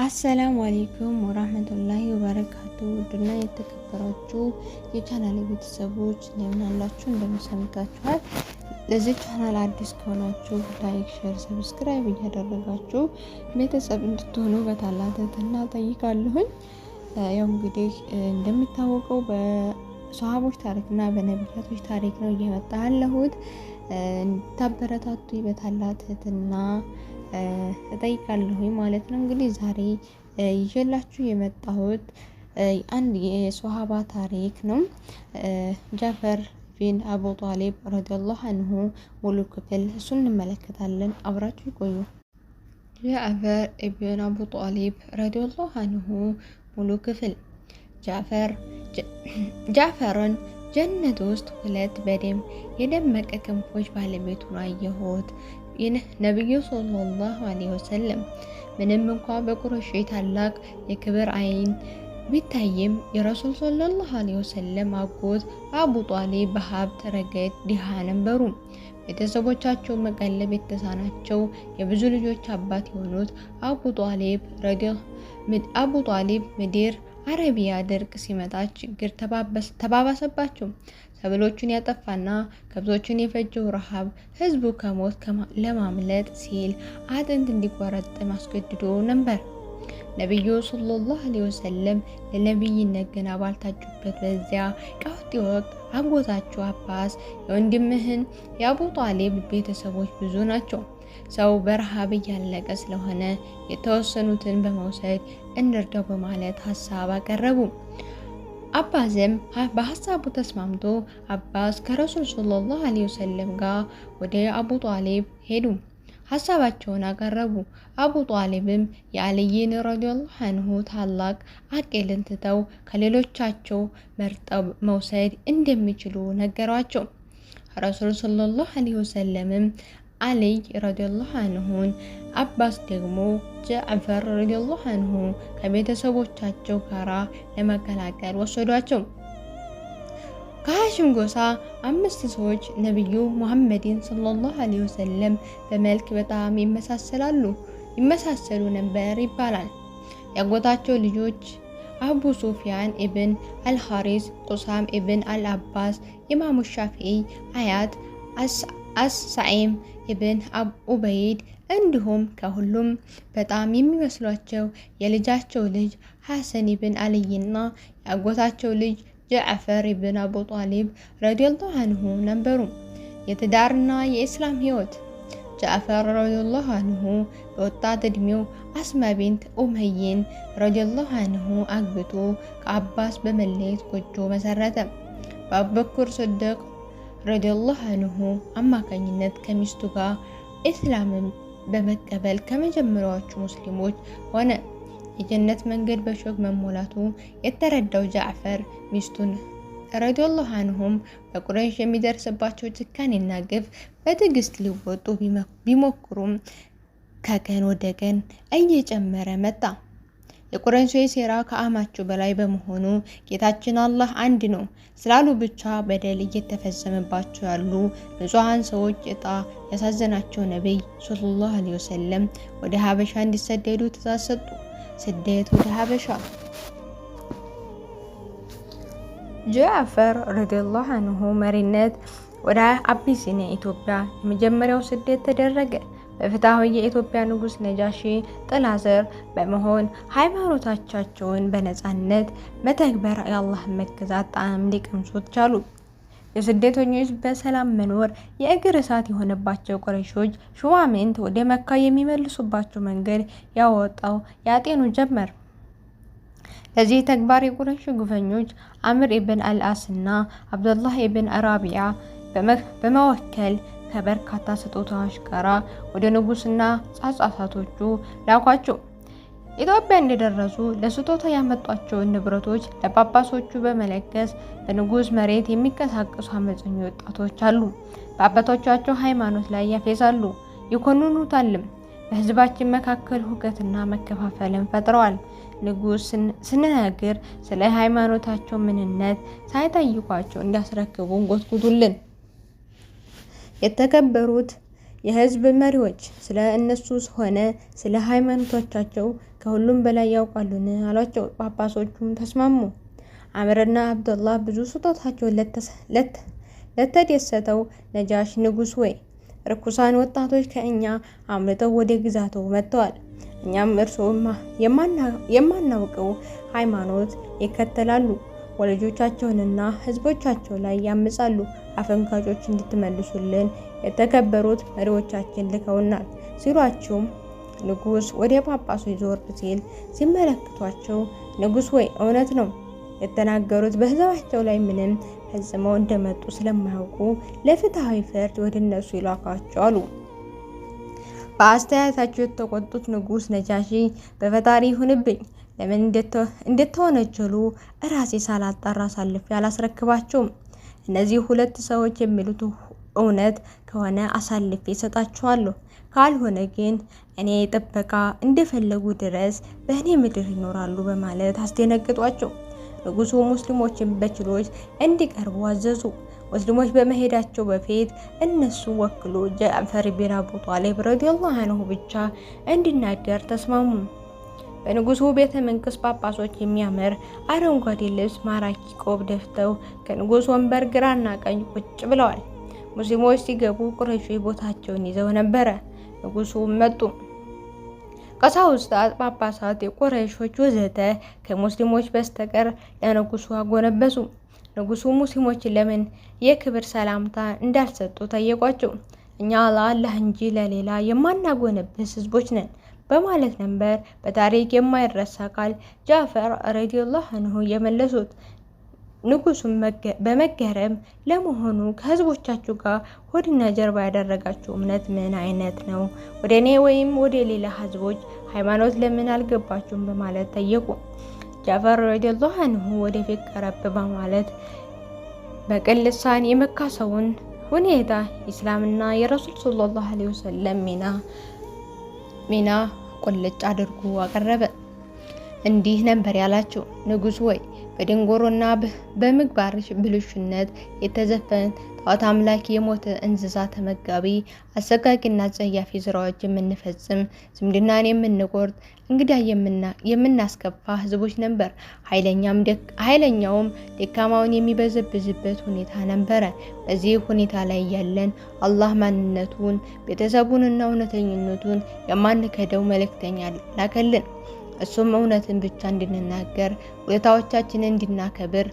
አሰላሙ አሌይኩም ወራህመቱላሂ ወበረካቱ። ውድና የተከበራችሁ የቻናል ቤተሰቦች እንደምን አላችሁ? እንደምን ሰምታችኋል? ለዚህ ቻናል አዲስ ከሆናችሁ ላይክ፣ ሼር፣ ሰብስክራይብ እያደረጋችሁ ቤተሰብ እንድትሆኑ በታላቅ ትህትና ጠይቃለሁኝ። ያው እንግዲህ እንደሚታወቀው በሰሃቦች ታሪክና በነቢያቶች ታሪክ ነው እየመጣ ያለሁት። እንድታበረታቱ በታላቅ ትህትና እጠይቃለሁኝ ማለት ነው። እንግዲህ ዛሬ ይዤላችሁ የመጣሁት አንድ የሶሃባ ታሪክ ነው። ጃፈር ቢን አቡ ጣሊብ ረዲየላሁ አንሁ ሙሉ ክፍል እሱን እንመለከታለን። አብራችሁ ይቆዩ። ጃፈር ኢብን አቡ ጣሊብ ረዲየላሁ አንሁ ሙሉ ክፍል ጃፈርን ጀነት ውስጥ ሁለት በደም የደመቀ ክንፎች ባለቤቱን አየሁት። ይህ ነቢዩ ሰለላሁ ዐለይሂ ወሰለም ምንም እንኳ በቁረይሽ ታላቅ የክብር አይን ቢታይም የረሱል ሰለላሁ ዐለይሂ ወሰለም አጎት አቡ ጧሊብ በሀብት ረገድ ድሃ ነበሩ። ቤተሰቦቻቸው መቀለብ የተሳናቸው የብዙ ልጆች አባት የሆኑት አቡ ጧሊብ ምድር አረቢያ ድርቅ ሲመጣ ችግር ተባባሰባቸው። ሰብሎቹን ያጠፋና ከብቶቹን የፈጀው ረሃብ ህዝቡ ከሞት ለማምለጥ ሲል አጥንት እንዲቆረጥም አስገድዶ ነበር። ነቢዩ ሰለላሁ ዐለይሂ ወሰለም ለነቢይነት ገና ባልታጩበት በዚያ ቀውጢ ወቅት አጎታቸው አባስ የወንድምህን የአቡ ጣሊብ ቤተሰቦች ብዙ ናቸው። ሰው በረሃብ እያለቀ ስለሆነ የተወሰኑትን በመውሰድ እንርዳው በማለት ሀሳብ አቀረቡ። አባዝም በሀሳቡ ተስማምቶ አባስ ከረሱል ሰለላሁ ዐለይሂ ወሰለም ጋር ወደ አቡ ጣሊብ ሄዱ። ሀሳባቸውን አቀረቡ። አቡ ጣሊብም የአልይን ረዲየላሁ አንሁ ታላቅ አቄልን ትተው ከሌሎቻቸው መርጠው መውሰድ እንደሚችሉ ነገሯቸው። ረሱል ሰለላሁ ዐለይሂ ወሰለምም አልይ ረዲየላሁ አንሁን፣ አባስ ደግሞ ጃዕፈር ረዲየላሁ አንሁ ከቤተሰቦቻቸው ጋራ ለመቀላቀል ወሰዷቸው። ከሐሽም ጎሳ አምስት ሰዎች ነቢዩ ሙሐመድን ሰለላሁ ዐለይሂ ወሰለም በመልክ በጣም ይመሳሰላሉ ይመሳሰሉ ነበር ይባላል። ያጎታቸው ልጆች አቡ ሱፊያን ኢብን አልሐሪስ፣ ቁሳም ኢብን አልአባስ፣ ኢማሙ ሻፊዒ አያት አሳኢም ኢብን ኡበይድ እንዲሁም ከሁሉም በጣም የሚመስሏቸው የልጃቸው ልጅ ሐሰን ኢብን አልይና የአጎታቸው ልጅ ጀዕፈር ኢብን አቡ ጣሊብ ረዲየላሁ አንሁ ነበሩ። የትዳርና የኢስላም ህይወት ጃዕፈር ረዲየላሁ አንሁ በወጣት እድሜው አስማ ቢንት ኡመይን ረዲየላሁ አንሁ አግብቶ ከአባስ በመለየት ጎጆ መሰረተ። በአቡበክር ስድቅ ረዲየላሁ አንሁ አማካኝነት ከሚስቱ ጋር እስላምን በመቀበል ከመጀመሪያዎቹ ሙስሊሞች ሆነ። የጀነት መንገድ በሾግ መሞላቱ የተረዳው ጃዕፈር ሚስቱን ረዲየላሁ አንሁም በቁረይሽ የሚደርስባቸው ጭካኔና ግፍ በትዕግስት ሊወጡ ቢሞክሩም ከቀን ወደ ቀን እየጨመረ መጣ። የቁረንሾ ሴራ ከአማቸው በላይ በመሆኑ ጌታችን አላህ አንድ ነው ስላሉ ብቻ በደል እየተፈጸመባቸው ያሉ ንጹሐን ሰዎች እጣ ያሳዘናቸው ነቢይ ሰለላሁ ዐለይሂ ወሰለም ወደ ሀበሻ እንዲሰደዱ ትእዛዝ ሰጡ። ስደት ወደ ሀበሻ። ጃዕፈር ረዲየላሁ አንሁ መሪነት ወደ አቢሲኒያ ኢትዮጵያ የመጀመሪያው ስደት ተደረገ። በፍትሐዊ የኢትዮጵያ ንጉሥ ነጃሺ ጥላ ስር በመሆን ሃይማኖታቻቸውን በነፃነት መተግበር የአላህን መገዛት ጣዕም ሊቀምሱት ቻሉ። የስደተኞች በሰላም መኖር የእግር እሳት የሆነባቸው ቁረይሾች ሹማምንት ወደ መካ የሚመልሱባቸው መንገድ ያወጣው ያጤኑ ጀመር። ለዚህ ተግባር የቁረይሽ ጉፈኞች አምር ኢብን አልአስ እና አብዱላህ ኢብን አራቢያ በመወከል ከበርካታ ስጦታዎች ጋር ወደ ንጉስና ጻጻሳቶቹ ላኳቸው። ኢትዮጵያ እንደደረሱ ለስጦታ ያመጧቸውን ንብረቶች ለጳጳሶቹ በመለገስ በንጉሥ መሬት የሚቀሳቀሱ አመፀኞች ወጣቶች አሉ። በአባቶቻቸው ሃይማኖት ላይ ያፌዛሉ፣ ይኮንኑታልም። በህዝባችን መካከል ሁከትና መከፋፈልን ፈጥረዋል። ንጉሥ ስንነግር ስለ ሃይማኖታቸው ምንነት ሳይጠይቋቸው እንዲያስረክቡን ጎትጉቱልን። የተከበሩት የህዝብ መሪዎች ስለ እነሱ ሆነ ስለ ሃይማኖቶቻቸው ከሁሉም በላይ ያውቃሉን አሏቸው። ጳጳሶቹም ተስማሙ። አምርና አብዱላህ ብዙ ስጦታቸውን ለተደሰተው ነጃሽ ንጉሥ ወይ ርኩሳን ወጣቶች ከእኛ አምልጠው ወደ ግዛቱ መጥተዋል። እኛም እርስዎ የማናውቀው ሃይማኖት ይከተላሉ፣ ወላጆቻቸውንና ህዝቦቻቸው ላይ ያምጻሉ። አፈንጋጮች እንድትመልሱልን የተከበሩት መሪዎቻችን ልከውናል ሲሏቸውም ንጉስ ወደ ጳጳሱ ዞር ሲል ሲመለክቷቸው ንጉስ ወይ እውነት ነው የተናገሩት በህዝባቸው ላይ ምንም ፈጽመው እንደመጡ ስለማያውቁ ለፍትሐዊ ፍርድ ወደ እነሱ ይላካቸው አሉ። በአስተያየታቸው የተቆጡት ንጉስ ነጃሺ በፈጣሪ ይሁንብኝ ለምን እንደተወነጀሉ እራሴ ሳላጣራ አሳልፌ አላስረክባቸውም እነዚህ ሁለት ሰዎች የሚሉት እውነት ከሆነ አሳልፌ እሰጣችኋለሁ፣ ካልሆነ ግን እኔ ጥበቃ እንደፈለጉ ድረስ በእኔ ምድር ይኖራሉ በማለት አስደነግጧቸው ንጉሱ ሙስሊሞችን በችሎች እንዲቀርቡ አዘዙ። ሙስሊሞች በመሄዳቸው በፊት እነሱ ወክሎ ጃዕፈር ቢን አቡ ጣሊብ ረዲየላሁ አንሁ ብቻ እንዲናገር ተስማሙ። በንጉሱ ቤተ መንግስት ጳጳሶች የሚያምር አረንጓዴ ልብስ ማራኪ ቆብ ደፍተው ከንጉሱ ወንበር ግራና ቀኝ ቁጭ ብለዋል። ሙስሊሞች ሲገቡ ቁረሾች ቦታቸውን ይዘው ነበረ። ንጉሱም መጡ። ቀሳውስታት፣ ጳጳሳት፣ የቁረሾች ወዘተ ከሙስሊሞች በስተቀር ለንጉሱ አጎነበሱ። ንጉሱ ሙስሊሞች ለምን የክብር ሰላምታ እንዳልሰጡ ጠየቋቸው። እኛ ለአላህ እንጂ ለሌላ የማናጎነብስ ህዝቦች ነን በማለት ነበር በታሪክ የማይረሳ ቃል ጃፈር ረዲየላሁ አንሁ የመለሱት። ንጉሱም በመገረም ለመሆኑ ከህዝቦቻችሁ ጋር ሆድና ጀርባ ያደረጋችሁ እምነት ምን አይነት ነው? ወደ እኔ ወይም ወደ ሌላ ህዝቦች ሃይማኖት ለምን አልገባችሁም? በማለት ጠየቁ። ጃፈር ረዲየላሁ አንሁ ወደፊት ቀረብ በማለት በቅልሳን ልሳን የመካ ሰውን ሁኔታ፣ ኢስላምና የረሱል ሰለላሁ ዐለይሂ ወሰለም ሚና ሚና ቁልጭ አድርጎ አቀረበ። እንዲህ ነበር ያላቸው፣ ንጉሥ ወይ በደንጎሮና በምግባር ብልሹነት የተዘፈን ጣዖት አምላክ የሞተ እንስሳ ተመጋቢ አሰቃቂና ጸያፊ ስራዎች የምንፈጽም ዝምድናን የምንቆርጥ እንግዳ የምናስከፋ ህዝቦች ነበር። ኃይለኛውም ደካማውን የሚበዘብዝበት ሁኔታ ነበረ። በዚህ ሁኔታ ላይ ያለን አላህ ማንነቱን ቤተሰቡንና እውነተኝነቱን የማንከደው መልእክተኛ ላከልን። እሱም እውነትን ብቻ እንድንናገር፣ ውለታዎቻችንን እንድናከብር፣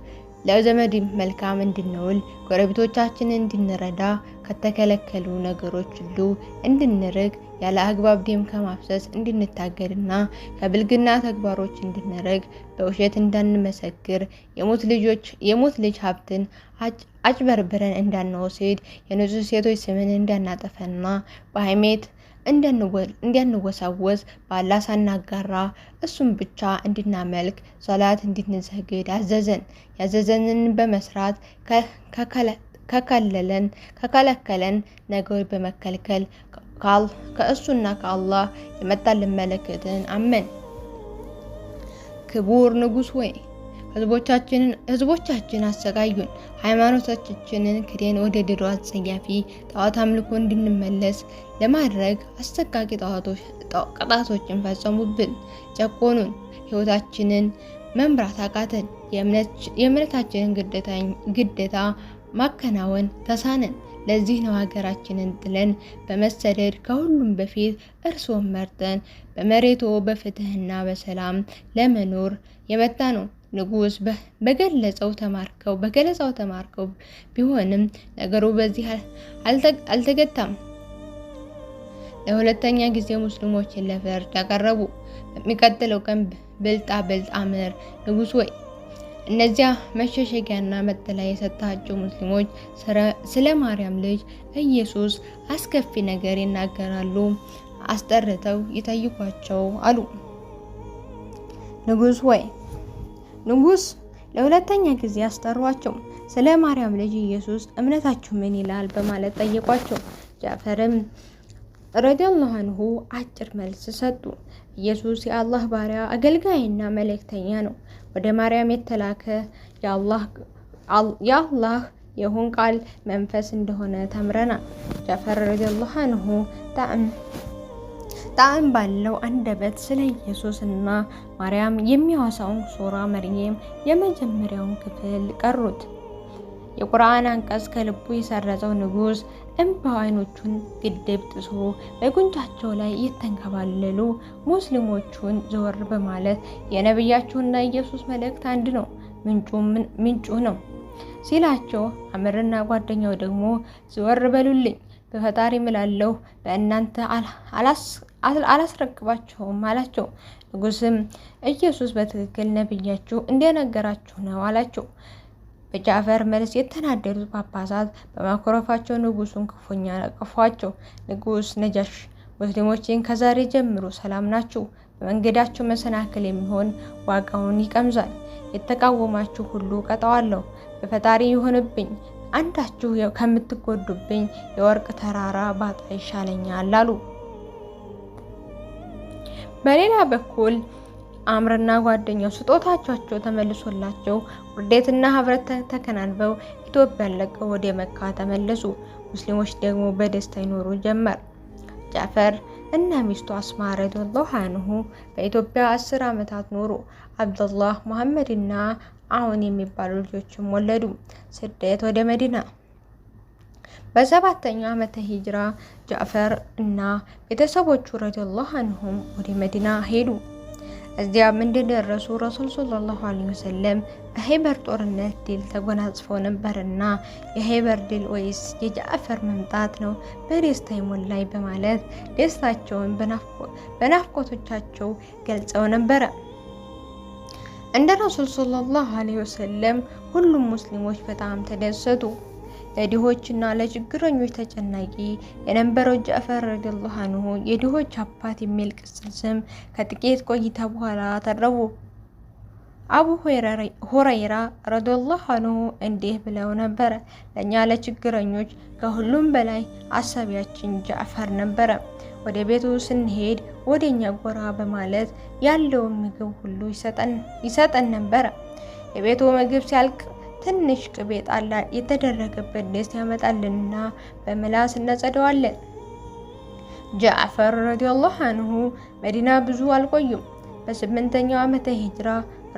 ለዘመድ መልካም እንድንውል፣ ጎረቤቶቻችንን እንድንረዳ፣ ከተከለከሉ ነገሮች ሁሉ እንድንርቅ፣ ያለ አግባብ ደም ከማፍሰስ እንድንታገድና ከብልግና ተግባሮች እንድንርግ በውሸት እንዳንመሰክር፣ የሙት ልጅ ሀብትን አጭበርብረን እንዳንወስድ፣ የንጹህ ሴቶች ስምን እንዳናጠፈና በሃይሜት እንዲያንወሳወስ ባላ ሳናጋራ እሱም ብቻ እንድናመልክ ሶላት እንድንሰግድ አዘዘን። ያዘዘንን በመስራት ከከለለን ከከለከለን ነገር በመከልከል ከእሱና ከአላህ የመጣልን መለከትን አመን። ክቡር ንጉሥ ወይ ህዝቦቻችንን ህዝቦቻችን አሰቃዩን። ሃይማኖታችንን ክደን ወደ ድሮ አጸያፊ ጣዖት አምልኮ እንድንመለስ ለማድረግ አሰቃቂ ቅጣቶችን ፈጸሙብን፣ ጨቆኑን፣ ህይወታችንን መምራት አቃተን። የእምነታችንን ግዴታ ማከናወን ተሳነን። ለዚህ ነው ሀገራችንን ጥለን በመሰደድ ከሁሉም በፊት እርስዎን መርጠን በመሬቶ በፍትህና በሰላም ለመኖር የመጣ ነው። ንጉስ በገለጸው ተማርከው በገለጸው ተማርከው ቢሆንም ነገሩ በዚህ አልተገታም። ለሁለተኛ ጊዜ ሙስሊሞችን ለፍርድ አቀረቡ። በሚቀጥለው ቀን ብልጣ ብልጥ አምር ንጉስ ወይ እነዚያ መሸሸጊያና መጠለያ የሰጣቸው ሙስሊሞች ስለ ማርያም ልጅ ኢየሱስ አስከፊ ነገር ይናገራሉ፣ አስጠርተው ይጠይቋቸው አሉ። ንጉስ ወይ ንጉስ ለሁለተኛ ጊዜ አስጠሯቸው። ስለ ማርያም ልጅ ኢየሱስ እምነታችሁ ምን ይላል በማለት ጠየቋቸው። ጃፈርም ረዲየላሁ አንሁ አጭር መልስ ሰጡ። ኢየሱስ የአላህ ባሪያ አገልጋይና መልእክተኛ ነው። ወደ ማርያም የተላከ የአላህ የሆን ቃል መንፈስ እንደሆነ ተምረናል። ጃፈር ረዲየላሁ አንሁ ጣዕም ባለው አንደበት ስለ ኢየሱስና ማርያም የሚያወሳውን ሱራ መርየም የመጀመሪያውን ክፍል ቀሩት። የቁርአን አንቀጽ ከልቡ የሰረጸው ንጉሥ እምባ አይኖቹን ግድብ ጥሶ በጉንጫቸው ላይ የተንከባለሉ ሙስሊሞቹን ዘወር በማለት የነቢያቸውና ኢየሱስ መልእክት አንድ ነው፣ ምንጩ ነው ሲላቸው፣ አምርና ጓደኛው ደግሞ ዘወር በሉልኝ በፈጣሪ ምላለሁ በእናንተ አላስረክባችሁም አላቸው። ንጉስም ኢየሱስ በትክክል ነብያችሁ እንደነገራችሁ ነው አላቸው። በጃፈር መልስ የተናደዱት ጳጳሳት በማኮረፋቸው ንጉሱን ክፉኛ ነቀፏቸው። ንጉስ ነጃሽ ሙስሊሞችን ከዛሬ ጀምሮ ሰላም ናችሁ፣ በመንገዳችሁ መሰናክል የሚሆን ዋጋውን ይቀምዛል። የተቃወማችሁ ሁሉ ቀጠዋለሁ። በፈጣሪ ይሆንብኝ አንዳችሁ ከምትጎዱብኝ የወርቅ ተራራ ባጣ ይሻለኛል አሉ። በሌላ በኩል አምርና ጓደኛው ስጦታቸው ተመልሶላቸው ውርደትና ህብረት ተከናንበው ኢትዮጵያን ለቀው ወደ መካ ተመለሱ። ሙስሊሞች ደግሞ በደስታ ይኖሩ ጀመር። ጃፈር እና ሚስቱ አስማ ረዲየላሁ አንሁ በኢትዮጵያ አስር ዓመታት ኖሩ። አብዱላህ መሐመድና አሁን የሚባሉ ልጆችም ወለዱ። ስደት ወደ መዲና በሰባተኛው ዓመተ ሂጅራ ጃዕፈር እና ቤተሰቦቹ ረዲየላሁ አንሁም ወደ መዲና ሄዱ። እዚያም እንደደረሱ ረሱል ሰለላሁ ዐለይሂ ወሰለም በሄበር ጦርነት ድል ተጎናጽፈው ነበርና የሄበር ድል ወይስ የጃዕፈር መምጣት ነው በደስታ ይሞላይ በማለት ደስታቸውን በናፍቆቶቻቸው ገልጸው ነበረ። እንደ ረሱል ሰለላሁ ዐለይሂ ወሰለም ሁሉም ሙስሊሞች በጣም ተደሰቱ። ለድሆችና ለችግረኞች ተጨናቂ የነበረው ጃዕፈር ረዲየላሁ አንሁ የድሆች አባት የሚል ቅጽል ስም ከጥቂት ቆይታ በኋላ ተረቡ። አቡ ሁረይራ ረዲየላሁ አንሁ እንዲህ ብለው ነበረ፣ ለእኛ ለችግረኞች ከሁሉም በላይ አሳቢያችን ጃዕፈር ነበረ። ወደ ቤቱ ስንሄድ ወደ እኛ ጎራ በማለት ያለውን ምግብ ሁሉ ይሰጠን ነበረ። የቤቱ ምግብ ሲያልቅ ትንሽ ቅቤ ጣላ የተደረገበት ድስት ያመጣልንና በምላስ እናጸደዋለን። ጃዕፈር ረዲየላሁ አንሁ መዲና ብዙ አልቆዩም። በስምንተኛው ዓመተ ሂጅራ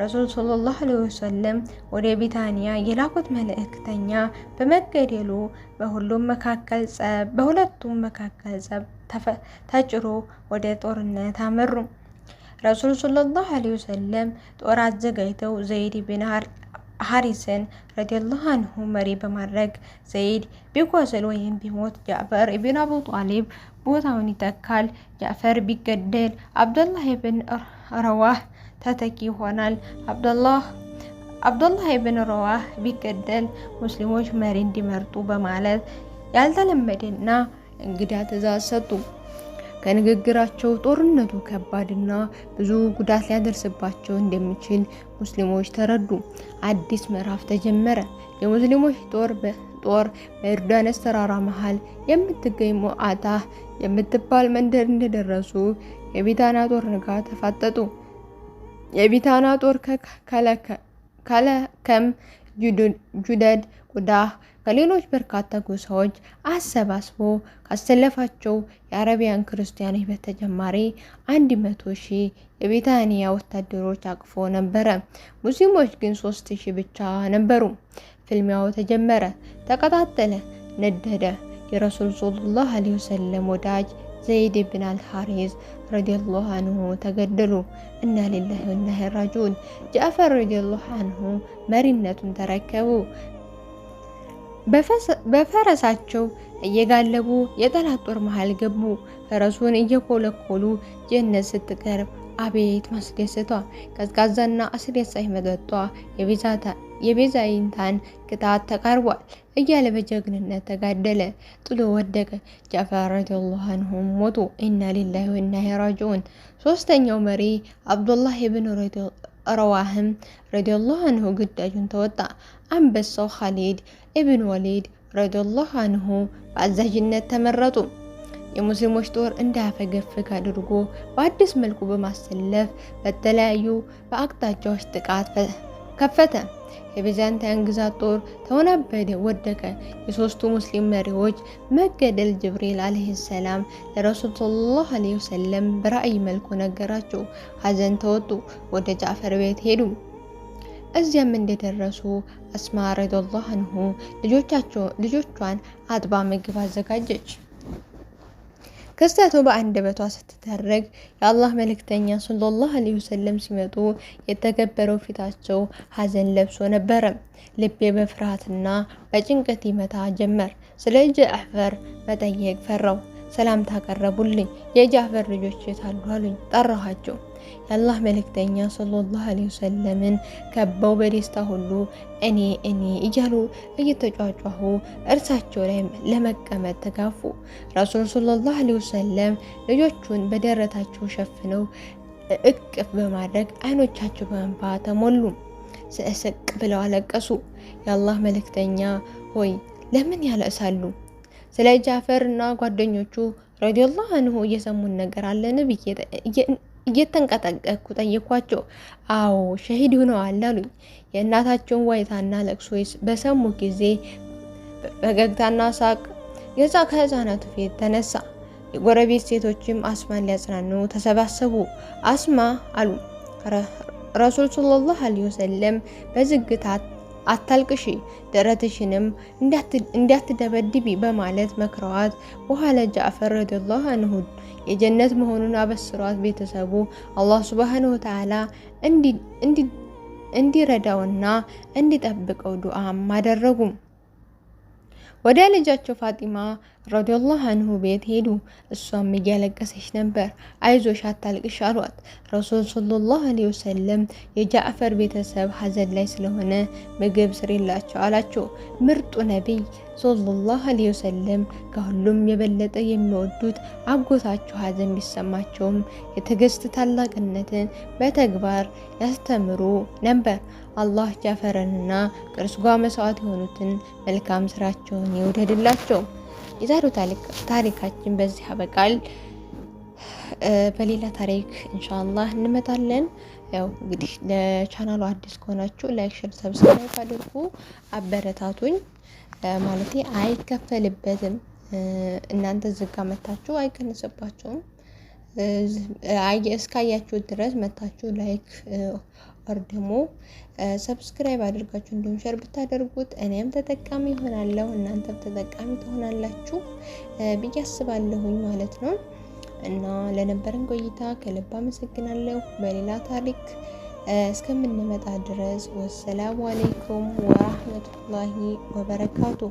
ረሱል ሰለላሁ ዐለይሂ ወሰለም ወደ ቢታንያ የላኩት መልእክተኛ በመገደሉ በሁሉም መካከል ጸብ በሁለቱም መካከል ጸብ ተጭሮ ወደ ጦርነት አመሩ። ረሱል ሰለላሁ ዐለይሂ ወሰለም ጦር አዘጋጅተው ዘይድ ብን ሀሪስን ረዲየላሁ አንሁ መሪ በማድረግ ዘይድ ቢቆስል ወይም ቢሞት ጃዕፈር ኢብን አቡ ጣሊብ ቦታውን ይተካል። ጃዕፈር ቢገደል አብደላህ ብን ረዋህ ተተኪ ይሆናል። አብደላህ ብን ረዋህ ቢገደል ሙስሊሞች መሪ እንዲመርጡ በማለት ያልተለመደና እንግዳ ትእዛዝ ሰጡ። ከንግግራቸው ጦርነቱ ከባድና ብዙ ጉዳት ሊያደርስባቸው እንደሚችል ሙስሊሞች ተረዱ። አዲስ ምዕራፍ ተጀመረ። የሙስሊሞች ጦር ጦር በዮርዳኖስ ተራራ መሃል የምትገኝ ሞዓታ የምትባል መንደር እንደደረሱ የቢታና ጦር ንጋ ተፋጠጡ። የቢታና ጦር ከለከም፣ ጁደድ፣ ቁዳህ ከሌሎች በርካታ ጎሳዎች አሰባስቦ ካሰለፋቸው የአረቢያን ክርስቲያኖች በተጨማሪ አንድ መቶ ሺህ የቤታንያ ወታደሮች አቅፎ ነበረ። ሙስሊሞች ግን ሶስት ሺህ ብቻ ነበሩ። ፍልሚያው ተጀመረ፣ ተቀጣጠለ፣ ነደደ። የረሱል ሰለላሁ ዐለይሂ ወሰለም ወዳጅ ዘይድ ብን አልሐሪዝ ረዲየላሁ አንሁ ተገደሉ። እና ሊላሂ ወና ራጁን ጃዕፈር ረዲየላሁ አንሁ መሪነቱን ተረከቡ። በፈረሳቸው እየጋለቡ የጠላት ጦር መሃል ገቡ። ፈረሱን እየኮለኮሉ ጀነት ስትቀርብ አቤት ማስደሰቷ! ቀዝቃዛና አስደሳች መጠጧ የቤዛይንታን ቅጣት ተቃርቧል እያለ በጀግንነት ተጋደለ። ጥሎ ወደቀ። ጃፈር ረዲየላሁ አንሁም ሞቱ። ኢና ሊላሂ ወኢና ኢለይሂ ራጂዑን። ሶስተኛው መሪ አብዱላህ ብን ረዋህም ረዲየላሁ አንሁ ግዳጁን ተወጣ። አንበሳው ኻሊድ ኢብን ወሊድ ረዲየላሁ አንሁ በአዛዥነት ተመረጡ። የሙስሊሞች ጦር እንዳያፈገፍግ አድርጎ በአዲስ መልኩ በማሰለፍ በተለያዩ በአቅጣጫዎች ጥቃት ከፈተ። የቤዛንታይን ግዛት ጦር ተወናበደ፣ ወደቀ። የሶስቱ ሙስሊም መሪዎች መገደል ጅብሪል አለይሂ ሰላም ለረሱል ሰለላሁ ወሰለም በራእይ መልኩ ነገራቸው። ሀዘን ተወጡ። ወደ ጃፈር ቤት ሄዱ። እዚያም እንደደረሱ አስማ ረዲየላሁ አንሁ ልጆቿን አጥባ ምግብ አዘጋጀች። ክስተቱ በአንደበቷ ስትተረግ የአላህ መልእክተኛ ሰለላሁ ዐለይሂ ወሰለም ሲመጡ የተከበረው ፊታቸው ሀዘን ለብሶ ነበረ። ልቤ በፍርሃትና በጭንቀት ይመታ ጀመር። ስለ ጃዕፈር መጠየቅ ፈራው። ሰላምታ ቀረቡልኝ። የጃዕፈር ልጆች የት አሉ አሉኝ። ጠራኋቸው። የአላህ መልእክተኛ ሰለላሁ ዐለይሂ ወሰለምን ከበው በደስታ ሁሉ እኔ እኔ እያሉ እየተጫጫሁ እርሳቸው ላይ ለመቀመጥ ተጋፉ። ረሱሉ ሰለላሁ ዐለይሂ ወሰለም ልጆቹን በደረታቸው ሸፍነው እቅፍ በማድረግ አይኖቻቸው በእንባ ተሞሉ። ስቅ ብለው አለቀሱ። የአላህ መልእክተኛ ሆይ ለምን ያለእሳሉ? ስለ ጃፈር እና ጓደኞቹ ረዲየላሁ አንሁ እየሰሙን ነገር አለን ብዬ እየተንቀጠቀኩ ጠየኳቸው። አዎ ሸሂድ ሆነዋል አሉኝ። የእናታቸውን ዋይታና ለቅሶ በሰሙ ጊዜ ፈገግታና ሳቅ የዛ ከህፃናቱ ፊት ተነሳ። የጎረቤት ሴቶችም አስማን ሊያጽናኑ ተሰባሰቡ። አስማ አሉ ረሱል ሰለላሁ ዐለይሂ ወሰለም በዝግታ አታልቅሺ፣ ደረትሽንም እንዳትደበድቢ በማለት መክረዋት በኋላ ጃዕፈር ረዲየላሁ አንሁ የጀነት መሆኑን አበስሯት። ቤተሰቡ አላህ ሱብሓነሁ ወተዓላ እንዲረዳውና እንዲጠብቀው ዱዓም አደረጉም። ወደ ልጃቸው ፋጢማ ረዲየላሁ አንሁ ቤት ሄዱ። እሷም እያለቀሰች ነበር። አይዞሽ አታልቅሽ አሏት። ረሱል ሰለላሁ አለይሂ ወሰለም የጃዕፈር ቤተሰብ ሀዘን ላይ ስለሆነ ምግብ ስሪላቸው አላቸው። ምርጡ ነቢይ ሰለላሁ አለይሂ ወሰለም ከሁሉም የበለጠ የሚወዱት አጎታቸው ሀዘን ቢሰማቸውም የትዕግስት ታላቅነትን በተግባር ያስተምሩ ነበር። አላህ ጃፈርንና ከእርሱ ጋር መስዋዕት የሆኑትን መልካም ስራቸውን ይውደድላቸው። የዛሬው ታሪካችን በዚህ አበቃል። በሌላ ታሪክ እንሻላ እንመጣለን። ያው እንግዲህ ለቻናሉ አዲስ ከሆናችሁ ላይክ፣ ሼር፣ ሰብስክራይብ አድርጉ፣ አበረታቱኝ። ማለት አይከፈልበትም። እናንተ ዝጋ መታችሁ አይቀንስባችሁም። እስካያችሁት ድረስ መታችሁ ላይክ ነባር ደግሞ ሰብስክራይብ አድርጋችሁ እንዲሁም ሸር ብታደርጉት እኔም ተጠቃሚ ይሆናለሁ እናንተም ተጠቃሚ ትሆናላችሁ ብዬ አስባለሁኝ ማለት ነው። እና ለነበረን ቆይታ ከልብ አመሰግናለሁ። በሌላ ታሪክ እስከምንመጣ ድረስ ወሰላሙ አሌይኩም ወራህመቱላሂ ወበረካቱ።